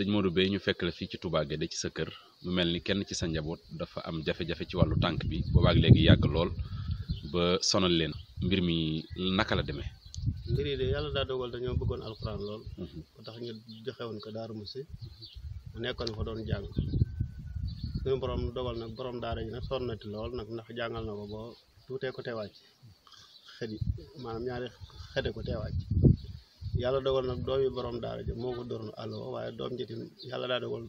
sëñ Modou Bey ñu fekk la fii ci Touba de ci sa kër mu mel ni kenn ci sa njaboot dafa am jafe-jafe ci wàllu tànk bi boobaak léegi yàgg lool ba sonal leen mbir mi naka la demee. mbir yi de yàlla daa dogal dañoo bëggoon alxuraan lool. Mhm. ba tax ñu joxewoon ko Darou Moussi nekkoon ko doon jàng suñu borom dogal nag boroom daara yi nag sonnati lool nag ndax jàngal na ko boo tuutee ko teewaaj xëdi maanaam ñaari xëde ko teewaaj. yàlla dogal nag doom yi borom daara ji moo ko doon allo waaye doom ji yàlla daa dogal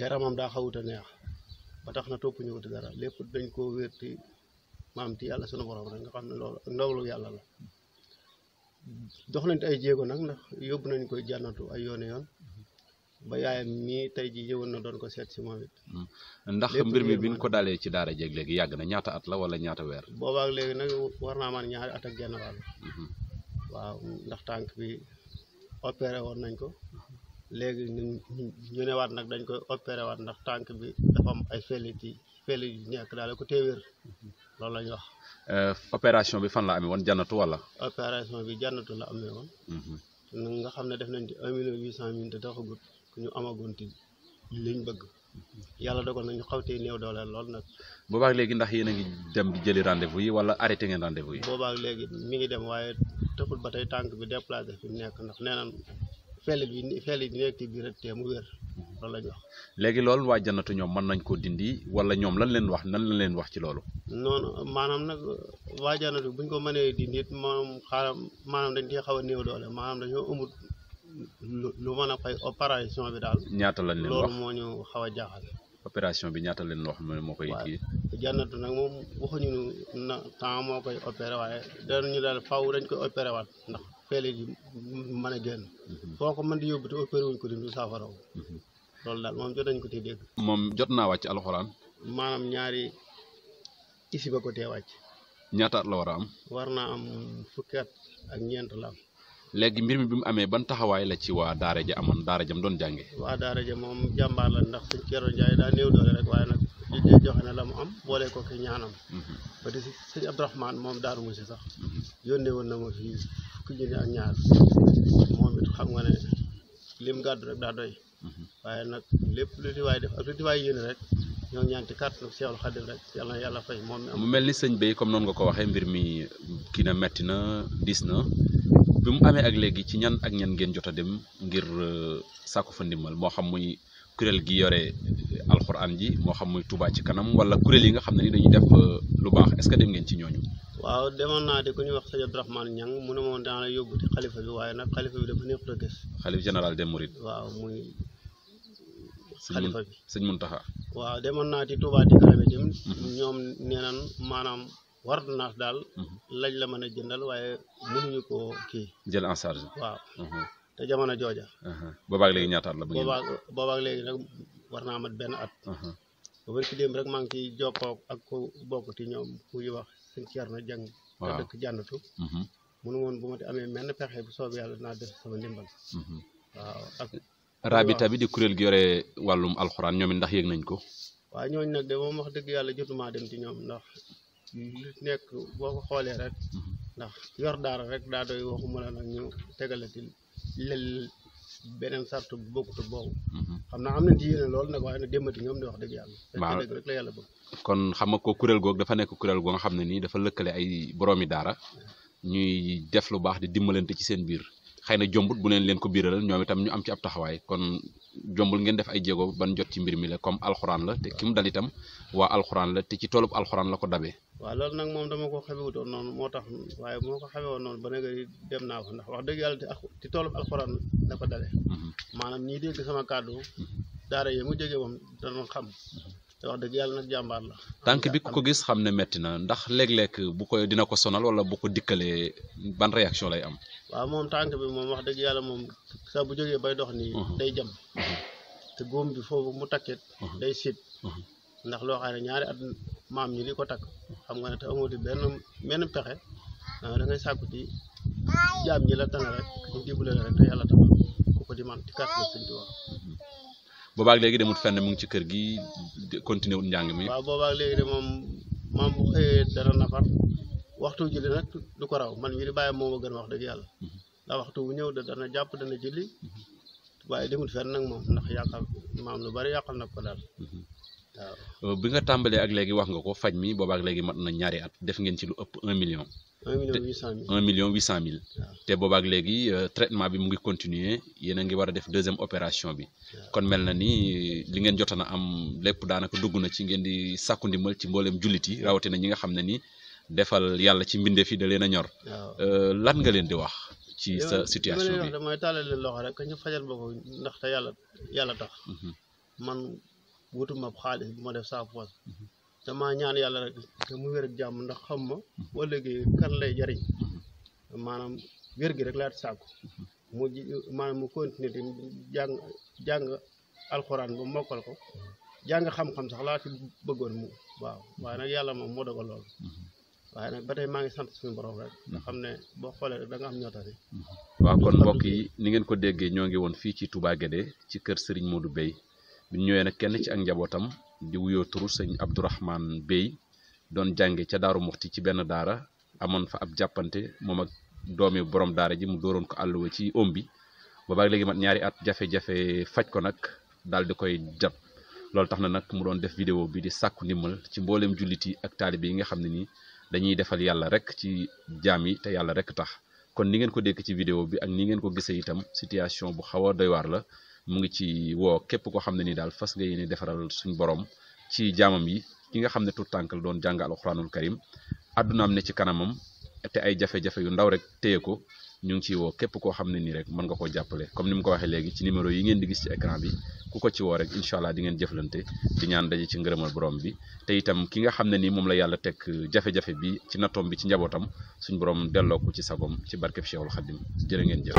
yaramam daa xawut a neex ba tax na topp ñu wuti dara lépp dañ koo wérti maam yàlla sunu borom rek nga xam ne loolu ndoglu yàlla la dox nañ ay jéego nag ndax yóbbu nañ koy jànnatu ay yoon yoon ba yaayam mii tey ji yëwoon na doon ko seet si moom it hmm. ndax mbir mi biñ ko dalee ci daara jeg léegi yàgg na ñaata at la wala ñaata weer boobaak léegi nag war naa man ñaari at ak genn wàll hmm. waaw ndax tànk bi opéré woon nañ ko léegi ñu ne nag dañ koy opéré waat ndax tànk bi dafa am ay félit yi félit yu nekk daal ko téewéer loolu la ñu wax. Euh, opération bi fan la amee woon jannatu wala. opération bi jannatu la amee woon. Mhm. nga xam ne def nañ ci un million huit cent mille te taxagut ñu amagoon ci liñ bëgg. yàlla dogal na ñu xawtee néew doole lool nag. boobaak léegi ndax yéen a ngi dem di jëli rendez yi wala arrêté ngeen rendez yi. boobaak léegi mi ngi dem waaye tëful ba tey tànk bi déplacé fi nekk ndax nee nañ fell bi fell bi nekk ci biir tee mu wér loolu la ñu wax. léegi loolu waa jannatu ñoom mën nañ koo dindi wala ñoom lan leen wax nan la leen wax ci loolu. noonu maanaam nag waa jannatu buñ ko mënee dindi it maanaam xaaral maanaam dañ cee xaw a néew doole maanaam lu mën a fay opération bi daal. ñaata la leen wax moo ñu xaw a jaaxal. opération bi ñaata leen loo xam ne moo koy. kii jannatu nag moom waxuñu na temps moo koy opéré waaye danañu daal faaw dañ koy opéré ndax fële ji a génn. Mhm. foo ko mën di yóbbu te wuñ ko di du saafara mhm. loolu daal moom jot nañ ko ci dégg. moom jot naa wàcc alxuraan. maanaam ñaari isi ba ko tee wàcc. ñaata la war a am. war naa am fukki ak ñeent la am. léegi mbir mi bi mu amee ban taxawaay la ci waa daara ja amoon daara jam doon jànge waa daara ja moom jàmbaar la ndax sëñ Ceerno Njaay daa néew doole rek waaye nag di joxe la mu am boole ko ki ñaanam mhm. ba di sëñ Abdourahmane moom daaru musi sax mhm. yónnee woon na ma fii fukki xam nga ne lim gàddu rek daa mhm. waaye nag lépp lu di def ak lu di yéene rek ñoo ñaan ci kàttan ak Seexul rek yàlla yàlla fay moom mi am mu mel ni sëñ bi comme noonu nga ko waxee mbir mi kii na metti na diis na bi mu amee ak léegi ci ñan ak ñan ngeen jot a dem ngir euh, sàkku fa ndimbal moo xam muy kuréel gi yore alxuraan ji moo xam muy Touba ci kanam wala kuréel yi nga xam ne ni dañuy def euh, lu baax est que dem ngeen ci ñooñu. waaw demoon naa di ku ñuy wax sëñ Abdourahmane Niang mu ne moom daan la yóbbu ci xalifa bi waaye nag xalifa bi dafa neexut a gis. xalif général des Mourides. waaw muy. xalifa bi sëñ Muntaxa waaw demoon naa ci Touba ci kanam itam. Mm-hmm. ñoom nee maanaam. ordonnance daal mhm. lañ la mën a jëndal waaye mënuñu koo kii jël en charge waaw mhm. te jamono jooja mhm. boobaag léegi ñaataat la boobaag boobaag léegi nag war naa mat benn at ba barki démb rek maa ngi ciy jokkoo ak ku bokk ci ñoom kuy wax sëñ Thierno Dieng te dëkk jànnatu munu woon bu ma te amee menn pexe bu soob yàlla dinaa def sama ndimbal rabita bi di kuréel gi yore wàllum alxuraan ñoom ndax yëg nañ ko waaw ñooñu nag de moom wax dëgg yàlla jotumaa dem ci ñoom ndax nekk boo ko xoolee rek ndax yor daara rek daa doy waxuma la nag ñu tegalati lel beneen sart bu bokkut boobu mhm. xam na am nañ ci yéene loolu nag waaye nag démbati ñoom di wax dëgg yàlla waaw dëgg kon xam nga ko kuréel googu dafa nekk kuréel goo nga xam ne nii dafa lëkkale ay boroomi daara ñuy def lu baax di dimbalante ci seen biir xëy na jombut bu leen leen ko biiral ñoom itam ñu am ci ab taxawaay kon jombul ngeen def ay jéego ban jot ci mbir mi la comme alxuraan la te ki mu dal itam waa alxuraan la te ci toolub alxuraan la ko dabee. waaw loolu nag moom dama ko xamewutoon noonu moo tax waaye moo ko xamewoon noonu ba léegi dem naa ko ndax wax dëgg yàlla ci toolub alxuraan la ko dalee. Mhm. maanaam ñii dégg sama kàddu mhm. daara yi mu jógee moom dana xam. te wax dëgg yàlla nag jàmbaar la. tànk bi ku ko gis xam ne metti na ndax léeg-léeg bu ko dina ko sonal wala bu ko dikkalee ban réaction lay am. waaw moom tànk bi moom wax dëgg yàlla moom saa bu jógee bay dox nii. Uh-huh. day jam te góom bi foofu mu takket uh-huh. day siit. Uh-huh. ndax loo xam ne ñaari at maam ñi di ko takk xam nga ne te amoo benn benn pexe ah, da ngay sàkku ci jaam ñi la tane rek ñu dimbale la rek te yàlla tam ku ko di man ci kàttan suñ boobaak léegi demut fenn mu ngi ci kër gi continué wut njàng mi. waaw boobaak léegi de moom maam bu xëyee dara nafar waxtu julli nag du ko raw man mi di bàyyi moom a gën wax dëgg yàlla mhm. ndax waxtu bu ñëw da dana jàpp dana julli mhm. waaye demut fenn nag moom ndax yàqal maam lu bari yàqal nag ko daal mhm. bi nga tàmbalee ak léegi wax nga ko faj mi boobaak léegi mat na ñaari at def ngeen ci lu ëpp un million. un million huit un million huit cent mille te boobaak léegi euh, traitement bi mu ngi continuer yéen a ngi war a def deuxième opération bi kon mel na ni li ngeen jotoon na am lépp daanaka dugg na ci ngeen di sàkku ndimbal ci mbooleem jullit yi rawatina ñi nga xam ne ni defal yàlla ci mbindeef yi da leen a ñor euh, lan nga leen di wax ci sa situation bi damay tàllal leen loxo rek ñu fajal ma ko ndaxte yàlla yàlla tax mhm. man wutuma xaalis bu ma def saa poos dama ñaan yàlla rek te mu wér ak jàmm ndax xam ma wala léegi kan lay jariñ maanaam wér gi rek laa sàkku mu maanaam mu continuer di jàng jàng alxuraan ba mokkal ko jàng xam-xam sax laa ci bëggoon mu waaw waaye nag yàlla moom moo dogal loolu waaye nag ba tey maa ngi sant suñu borom rek nga xam ne boo xoolee rek da nga am ñoo tax waaw kon mbokk yi ni ngeen ko déggee ñoo ngi woon fii ci Touba de ci kër sëriñ moo du Beye bi ñëwee nag kenn ci ak njabootam di wuyoo turu sëñ Abdourahman Bey doon jànge ca Daaru Muxti ci benn daara amoon fa ab jàppante moom ak doomi borom daara ji mu dooroon ko àlluwa ci om bi boobaag léegi mat ñaari at jafe-jafe faj ko nag daal di koy jàpp loolu tax na nag mu doon def vidéo bi di sàkku ndimbal ci mbooleem jullit yi ak taalibe yi nga xam ne nii dañuy defal yàlla rek ci jaam yi te yàlla rek tax kon ni ngeen ko dégg ci vidéo bi ak ni ngeen ko gisee itam situation bu xaw a doy la mu ngi ci woo képp koo xam ne nii daal fas nga yéene defaral suñu borom ci jaamam yi ki nga xam ne tout tànk la doon jàng alxuraanul karim am ne ci kanamam te ay jafe-jafe yu ndaw rek téye ko ñu ngi ciy woo képp koo xam ne nii rek mën nga koo jàppale comme ni mu ko waxee léegi ci numéro yi ngeen di gis ci écran bi ku ko ci woo rek incha allah di ngeen jëflante di ñaan daje ci ngërëmal borom bi te itam ki nga xam ne nii moom la yàlla teg jafe-jafe bi ci nattoom bi ci njabootam suñu borom delloo ko ci sagom ci barkeb Cheikhul Khadim jërë ngeen jëf